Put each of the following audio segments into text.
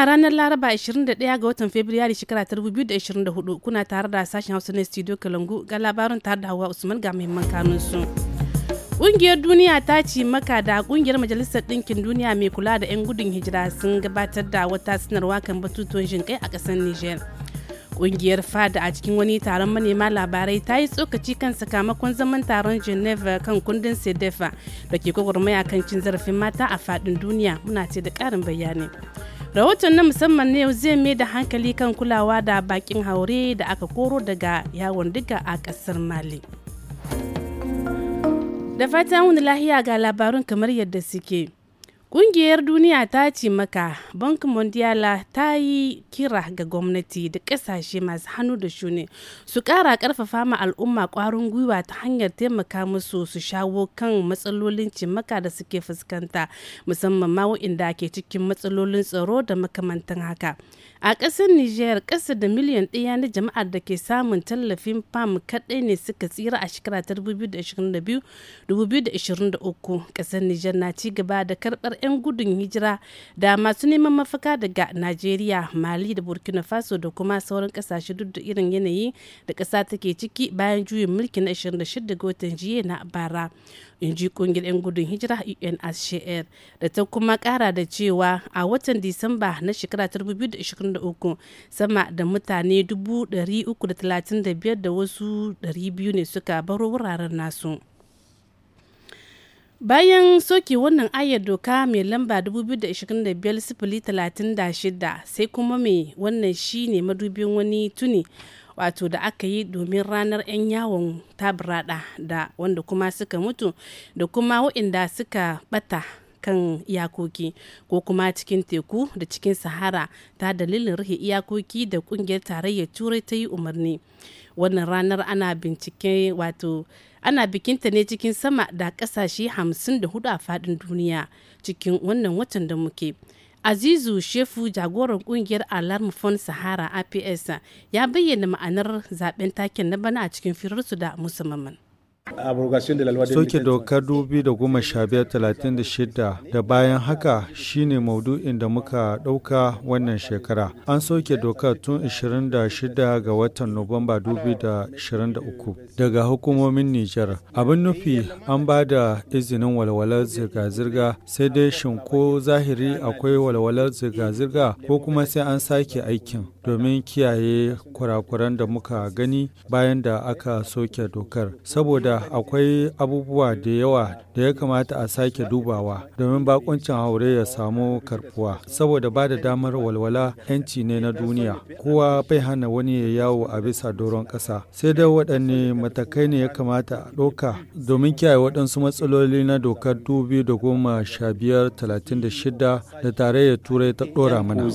ranar Laraba 21 ga watan Fabrairu shekara 2024 kuna tare da sashen Hausa na Studio Kalangu ga labarin tare da Hawa Usman ga muhimman kanun su. Ƙungiyar duniya ta ce maka da ƙungiyar Majalisar Ɗinkin Duniya mai kula da 'yan gudun hijira sun gabatar da wata sanarwa kan batutuwan kai a ƙasar niger. Ƙungiyar FADA a cikin wani taron manema labarai ta yi tsokaci kan sakamakon zaman taron Geneva kan kundin Sedefa da ke gwagwarmaya kan cin zarafin mata a faɗin duniya muna ce da ƙarin bayani. rahoton na musamman ne zai mai da hankali kan kulawa da bakin haure da aka koro daga yawon duka a kasar mali da fatan wani lahiya ga labarun kamar yadda suke Ƙungiyar duniya ta ce maka Bank Mondiala ta yi kira ga gwamnati da ƙasashe masu hannu da shuni su ƙara ƙarfafa ma al'umma kwarin gwiwa ta hanyar taimaka musu su shawo kan matsalolin cimaka da suke fuskanta musamman ma waɗanda ke cikin matsalolin tsaro da makamantan haka. A ƙasar Nijar ƙasa da miliyan ɗaya na jama'ar da ke samun tallafin fam kaɗai ne suka tsira a shekara ta 2022-2023 ƙasar Nijar na ci gaba da karɓar 'yan gudun hijira da masu neman mafaka daga najeriya mali da burkina faso da kuma sauran kasashe duk da irin yanayi da ƙasa take ciki bayan juyin mulki na 26 ga watan jiya na bara in ji kungiyar 'yan gudun hijira unhcr da ta kuma kara da cewa a watan disamba na shekara 2023 sama da mutane 335 da wasu 200 ne suka baro wuraren nasu. bayan soke wannan ayar doka mai lamba 2025-36 sai kuma mai wannan shi ne madubin wani tuni wato da aka yi domin ranar 'yan yawon tabirada da wanda kuma suka mutu da kuma waɗanda suka bata kan iyakoki ko kuma cikin teku da cikin sahara ta dalilin rufe iyakoki da kungiyar tarayyar turai ta yi umarni wannan ranar ana bincike wato ana bikinta ne cikin sama da kasashe 54 a faɗin duniya cikin wannan watan da muke azizu shefu jagoran kungiyar alarm fon sahara aps ya bayyana ma'anar zaben taken na bana a cikin firarsu da musamman Soke doka 2015-36 da bayan haka shine maudu'in da muka ɗauka wannan shekara. An soke doka tun 26 ga watan Nuwamba 2023 daga hukumomin Nijar. Abin nufi an ba da izinin walwalar zirga-zirga sai dai shin ko zahiri akwai walwalar zirga-zirga ko kuma sai an sake aikin domin kiyaye kurakuran da muka gani bayan da aka soke dokar. Saboda saboda akwai abubuwa da yawa da ya kamata a sake dubawa domin bakuncin haure ya samu karbuwa saboda ba da damar walwala 'yanci ne na duniya kowa bai hana wani ya yawo a bisa doron ƙasa sai dai waɗanne matakai ne ya kamata a ɗauka domin kiyaye waɗansu matsaloli na dokar dubi da goma sha biyar talatin da shida da tarayyar turai ta ɗora mana.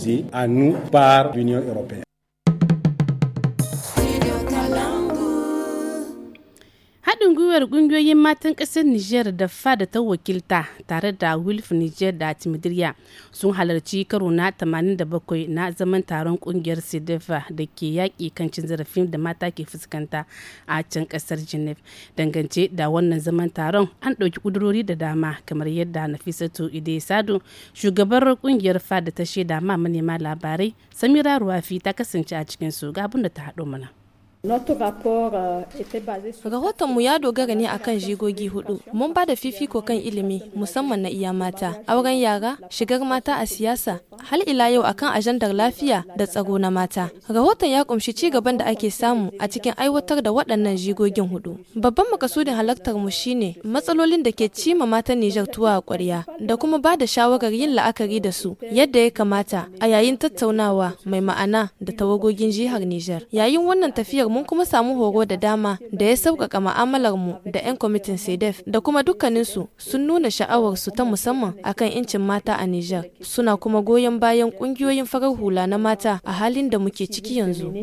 gwiwar kungiyoyin matan kasar Nijar da fada ta wakilta tare da wilf Nijar da timidiriya sun halarci karo na 87 na zaman taron kungiyar sidefa da ke yaƙi kan cin zarafin da mata ke fuskanta a can kasar geneva dangance da wannan zaman taron an ɗauki ƙudurori da dama kamar yadda nafisatu ide sado shugabar kungiyar fada ta shaida ma manema labarai samira ruwafi ta kasance a cikin su ga abin da ta haɗo mana Euh, mu ya dogara ne akan jigogi hudu. Mun bada fifiko kan ilimi musamman na iya mata, auren yara, shigar mata a siyasa, hal ila yau akan ajandar lafiya da tsaro na mata. Rahoton ya kumshi ci gaban da ake samu a cikin aiwatar da waɗannan jigogin hudu. Babban makasudin halartar mu shine matsalolin da ke cima matan Nijar tuwa a ƙwarya da kuma ba da shawarar yin la'akari da su yadda ya kamata a yayin tattaunawa mai ma'ana da tawagogin jihar Nijar. Yayin wannan tafiyar mun kuma samu horo da dama da ya sauƙaƙa mu'amalar mu da 'yan kwamitin sedef da kuma dukkaninsu sun nuna sha'awar su ta musamman akan 'yancin mata a Nijar suna kuma goyon bayan ƙungiyoyin farar hula na mata a halin da muke ciki yanzu.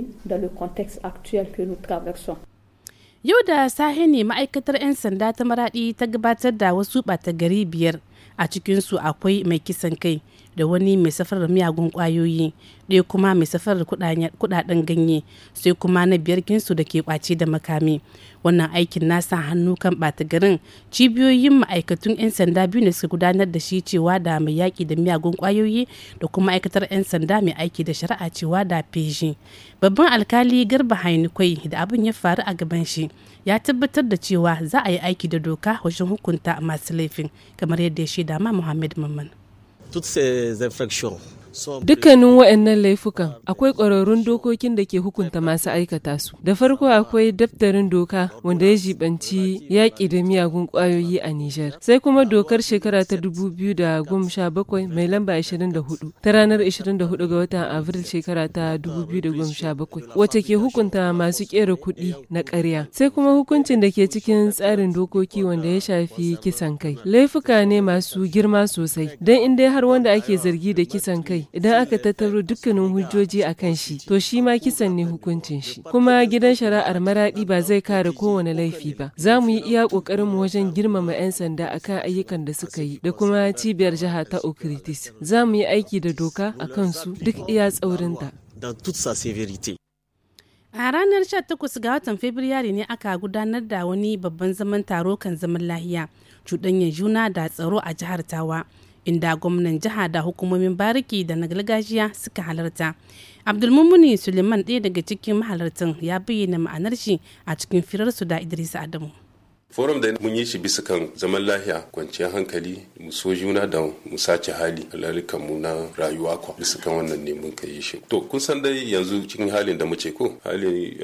Yau da sahi ne ma'aikatar 'yan sanda ta maraɗi ta gabatar da wasu ɓata gari biyar a cikinsu akwai mai kisan kai. da wani mai safar da miyagun kwayoyi ɗaya kuma mai safar da kudaden ganye sai kuma na biyar ginsu da ke kwace da makami wannan aikin nasa hannu kan bata garin cibiyoyin ma'aikatun 'yan sanda biyu ne suka gudanar da shi cewa da mai yaƙi da miyagun kwayoyi da kuma ma'aikatar 'yan sanda mai aiki da shari'a cewa da feji babban alkali garba hainikwai da abin ya faru a gaban shi ya tabbatar da cewa za a yi aiki da doka wajen hukunta masu laifin kamar yadda ya shaida ma muhammad mamman toutes ces infractions Dukkanin waɗannan laifukan akwai ƙwararrun dokokin da ke hukunta masu aikata su. Da farko akwai daftarin doka wanda ya jibanci yaƙi da miyagun ƙwayoyi a Nijar. Sai kuma dokar shekara ta bakwai mai lamba 24 ta ranar 24 ga watan Avril shekara ta 2017 wacce ke hukunta masu ƙera kuɗi na ƙarya. Sai kuma hukuncin da ke cikin tsarin dokoki wanda ya shafi kisan kai. Laifuka ne masu girma sosai don in dai har wanda ake zargi da kisan kai idan aka tattaro dukkanin hujjoji a kan shi to shi ma kisan ne hukuncin shi kuma gidan shari'ar maradi ba zai kare kowane laifi ba za mu yi iya kokarin mu wajen girmama 'yan sanda akan ayyukan da suka yi da kuma cibiyar jiha ta okritis za mu yi aiki da doka a kansu duk iya tsaurinta A ranar 18 ga watan Fabrairu ne aka gudanar da wani babban zaman taro kan zaman lahiya, cuɗanyar juna da tsaro a jihar Tawa. inda gwamnan jiha da hukumomin bariki da na gargajiya suka halarta abdulmumuni suleiman ɗaya daga cikin mahalartan ya bayyana ma'anar shi a cikin firarsu da idris adamu forum da mun yi shi bisa kan zaman lahiya kwanciyar hankali mu so juna da mu sace hali alalikan mu na rayuwa kwa bisa kan wannan ne mun kai shi to kun san dai yanzu cikin halin da muke ko halin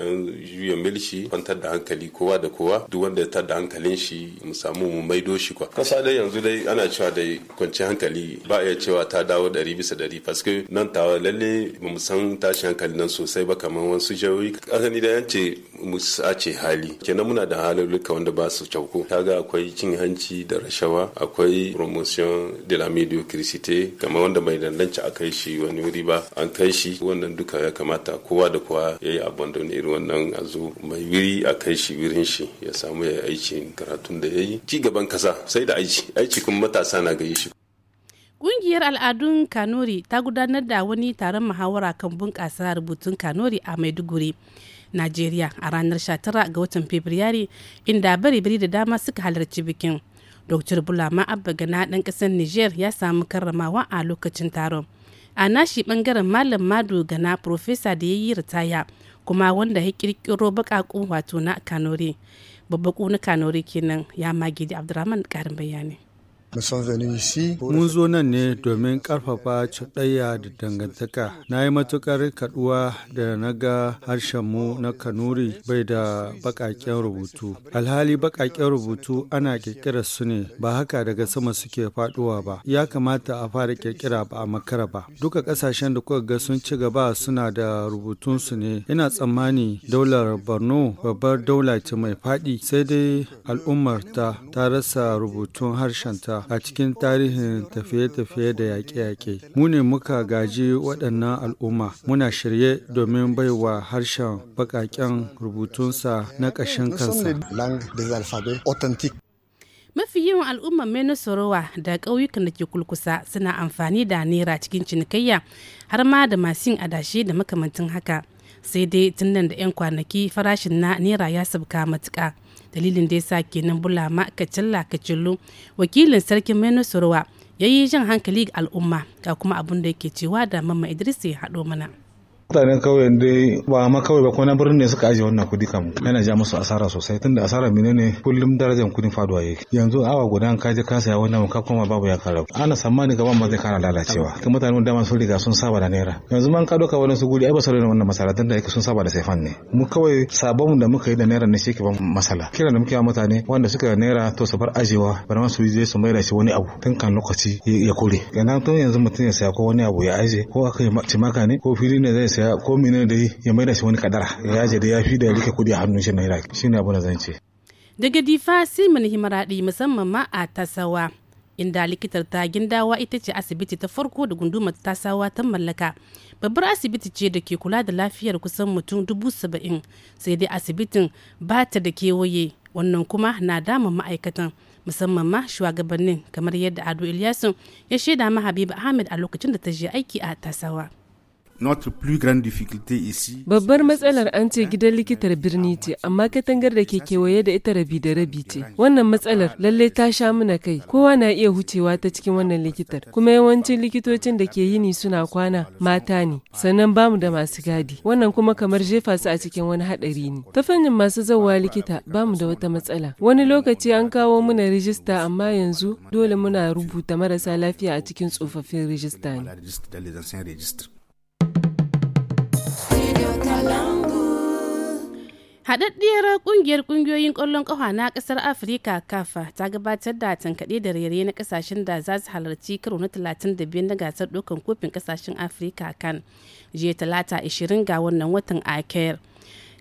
ya milshi kwantar da hankali kowa da kowa duk wanda ya da hankalin shi mu samu mu maido shi kwa kasa dai yanzu dai ana cewa dai kwanciyar hankali ba iya cewa ta dawo dari bisa dari. paske nan tawa lalle mu san tashin hankali nan sosai ba kamar wasu jawoyi kasani da yance mu sace hali kenan muna da halin wanda ba su su cauku kaga akwai cin hanci da rashawa akwai promotion de la mediocrité kamar wanda bai dandanci a kai shi wani wuri ba an kai shi wannan duka ya kamata kowa da kowa ya yi abandon irin wannan a zo mai wuri a kai shi wurin shi ya samu ya yi aikin karatun da ya yi ci gaban kasa sai da aiki aiki kuma matasa na gayi shi Ƙungiyar al'adun Kanuri ta gudanar da wani taron muhawara kan bunƙasa rubutun Kanuri a Maiduguri. najeriya a ranar 19 ga watan fabrairu inda bari-bari da dama suka halarci bikin dr bulama abba gana ɗan ƙasar niger ya samu karramawa a lokacin taron a nashi ɓangaren malam madu gana profesa da ya yi ritaya kuma wanda ya ƙirƙiro baƙaƙu wato na kanore babbaƙu na kanore kenan ya magidi abdurrahman ƙarin bayani Mun zo nan ne domin ƙarfafa cuɗayya da dangantaka. Na yi matuƙar kaɗuwa da na ga harshenmu na Kanuri bai da baƙaƙen rubutu. Alhali baƙaƙen rubutu ana ƙirƙirar su ne ba haka daga sama suke faɗuwa ba. Ya kamata a fara ƙirƙira ba a makara ba. Duka ƙasashen da kuka ga sun ci gaba suna da rubutunsu ne. Ina tsammani daular Borno babbar daula ce mai faɗi sai dai al'ummarta ta rasa rubutun harshenta a cikin tarihin tafiye-tafiye da yaƙe-yaƙe. Mu ne muka gaji waɗannan al'umma muna shirye domin baiwa harshen baƙaƙen rubutunsa na ƙashin kansa. mafi yawan al'ummar menosorowa da ƙauyukan da ke kulkusa suna amfani da naira cikin cinikayya har ma da masu yin adashi da makamantin haka sai dai tun da 'yan kwanaki farashin na naira ya sabka matuƙa dalilin da ya sa kenan bulama kacin lakacillu wakilin sarkin sorowa ya yi jan hankali ga al'umma ga kuma abin da yake cewa da mamma idris ya haɗo mana mutanen kauyen dai ba ma kawai ba ko na birnin ne suka ajiye wannan kudi kam yana ja musu asara sosai tunda asara ne kullum darajar kudin faduwa yake yanzu awa guda ka je ka saya wannan ka koma babu ya karabu ana tsammani gaban ba zai kara lalacewa ka mutanen da ma sun riga sun saba da naira yanzu man ka doka wani su guri ai ba su rena wannan masala tunda yake sun saba da sai ne mu kawai sabon da muka yi da naira ne shi ke ban masala kiran da muke wa mutane wanda suka da naira to su bar ajewa bar ma su je su mai da shi wani abu tun kan lokaci ya kore yanzu mutum ya saya ko wani abu ya aje ko aka yi cimaka ne ko fili ne zai saya ko menene dai ya da shi wani kadara ya yaje da ya fi da ya rike kudi a hannun shi shine abu da zan ce daga difa sai himaradi musamman ma a tasawa inda likitar ta gindawa ita ce asibiti ta farko da gundumar tasawa ta mallaka babbar asibiti ce da ke kula da lafiyar kusan mutum dubu saba'in sai dai asibitin ba ta da kewaye wannan kuma na dama ma'aikatan musamman ma shugabannin kamar yadda ado ilyasu ya shaida ma habiba ahmed a lokacin da ta je aiki a tasawa Babbar matsalar an ce gidan likitar birni ce, amma katangar da ke kewaye da ita rabi da rabi ce. Wannan matsalar lalle ta sha mana kai, kowa na iya hucewa ta cikin wannan likitar. Kuma yawancin likitocin da ke yini suna kwana mata ne, sannan bamu da masu gadi. Wannan kuma kamar jefa su a cikin wani haɗari ne. Ta fannin masu zauwa likita bamu da wata matsala. Wani lokaci an kawo mana rijista amma yanzu dole muna rubuta marasa lafiya a cikin tsofaffin rijista ne. Haɗaɗɗiyar ƙungiyar ƙungiyoyin ƙwallon ƙafa na ƙasar Afirka kafa ta gabatar da tankaɗe da rere na ƙasashen da za su halarci karo na 35 na gasar ɗaukan kofin ƙasashen Afirka kan jiya talata 20 ga wannan watan Akayar.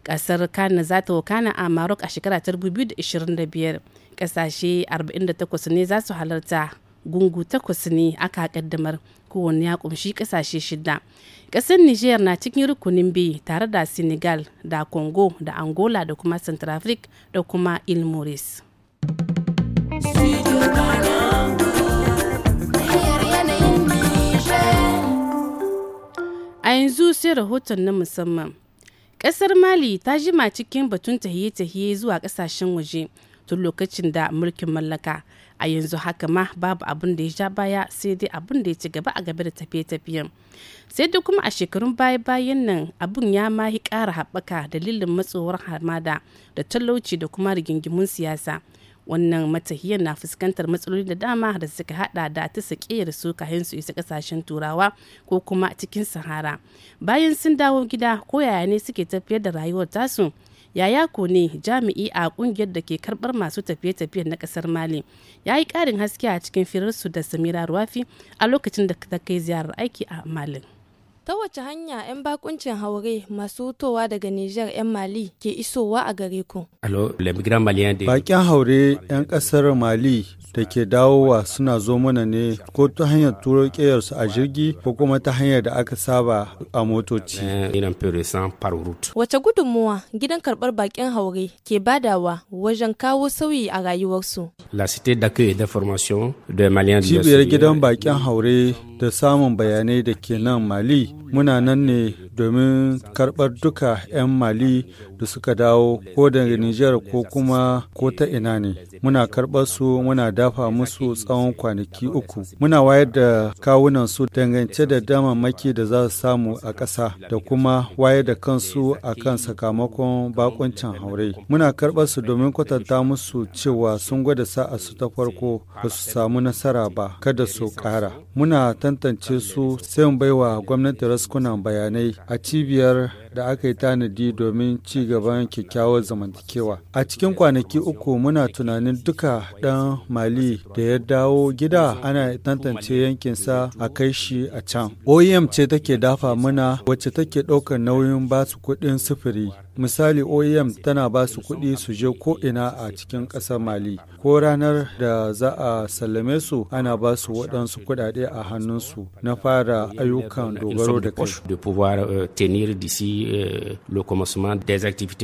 Ƙasar Kana za ta wakana a Maroc a shekara ta 2025. Ƙasashe 48 ne za su halarta. gungu takwas ne aka kaddamar kowanne ya kumshi kasashe shida ƙasar niger na cikin rukunin biyu tare da senegal da congo da angola da kuma centrafrique da kuma ilmores a yanzu sai rahoton na musamman ƙasar mali ta jima cikin batun tahiye-tahiye zuwa ƙasashen waje tun lokacin da mulkin mallaka a yanzu haka ma babu abin da ya ja baya sai dai abin da ya ci gaba a gaba da tafiye-tafiyen sai dai kuma a shekarun baya-bayan nan abin ya ma yi ƙara haɓaka dalilin matsowar hamada da talauci da kuma rigingimun siyasa wannan matahiyar na fuskantar matsaloli da dama da suka hada da ta sakiyar su kayan su isa kasashen turawa ko kuma cikin sahara bayan sun dawo gida ko yaya ne suke tafiyar da rayuwar tasu yaya ne jami'i a kungiyar da ke karbar masu tafiye-tafiye na kasar mali ya yi karin haske a cikin firarsu da samira ruwafi a lokacin da ta kai ziyarar aiki a malin ta wace hanya 'yan bakuncin haure masu hutowa daga Nijar 'yan Mali ke isowa a gare ku? Bakin haure 'yan kasar Mali da ke dawowa suna zo mana ne ko ta hanyar turo kayarsu a jirgi ko kuma ta hanyar da aka saba a motoci. Eh, Wace gudunmuwa gidan karɓar baƙin haure ke badawa wajen kawo sauyi a rayuwarsu? Cibiyar gidan baƙin haure da samun bayanai da ke nan Mali. Muna nan ne domin karɓar duka 'yan Mali da suka dawo ko da Nijar ko kuma ko ta ina ne. Muna karɓar su muna dafa musu tsawon kwanaki uku. Muna wayar da kawunan su dangance da damammaki da za su samu a ƙasa da kuma wayar da kansu a kan sakamakon bakuncin haure. Muna karɓar su domin kwatanta musu cewa sun gwada sa'a su ta farko ba su samu nasara ba kada su ƙara. Muna tantance su sai baiwa gwamnati raskunan bayanai a cibiyar da aka yi tanadi domin ci gaban kyakkyawar zamantakewa. A cikin kwanaki uku muna tunanin duka ɗan Mali da ya dawo gida ana tantance yankinsa a kai shi a can. OEM ce take dafa muna wacce take ɗaukar nauyin basu kuɗin sufuri misali oem tana ba su kuɗi su je ko'ina a cikin ƙasar mali ko ranar da za a sallame su ana ba su waɗansu kuɗaɗe a hannunsu na fara ayyukan dogaro da kai euh,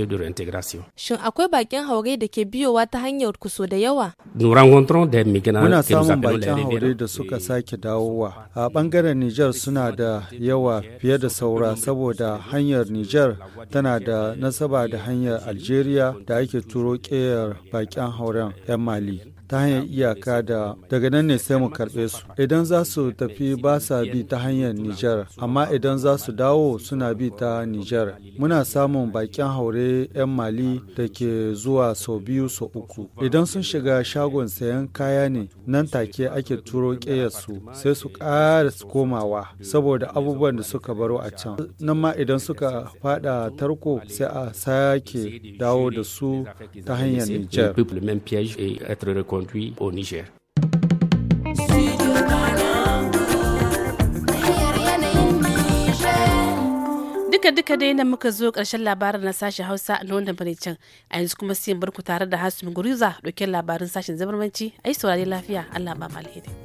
euh, shin akwai bakin haure da ke biyowa ta hanyar kuso da yawa muna samun bakin haure da suka sake dawowa a ɓangaren nijar suna da yawa fiye da saura saboda hanyar nijar tana da nasaba da hanyar Algeria da ake turo ƙeyar bakin hauren 'yan Mali. ta hanyar iyaka da daga nan ne sai mu karɓe su idan za su tafi ba sa bi ta hanyar Nijar amma idan za su dawo suna bi ta Nijar muna samun bakin haure 'yan Mali da ke zuwa sau biyu sau uku idan sun shiga shagon sayan kaya ne nan take ake turo su sai su ƙara komawa saboda abubuwan da suka baro a can nan ma idan suka fada tarko sai a sake dawo da su ta hanyar Nijar. conduit au Niger. duka-duka dai nan muka zo ƙarshen labarin na sashen hausa na bane can a yanzu kuma sai barku tare da hasumin guriza dokin labarin sashen zabarmanci a yi saurari lafiya allah ba alheri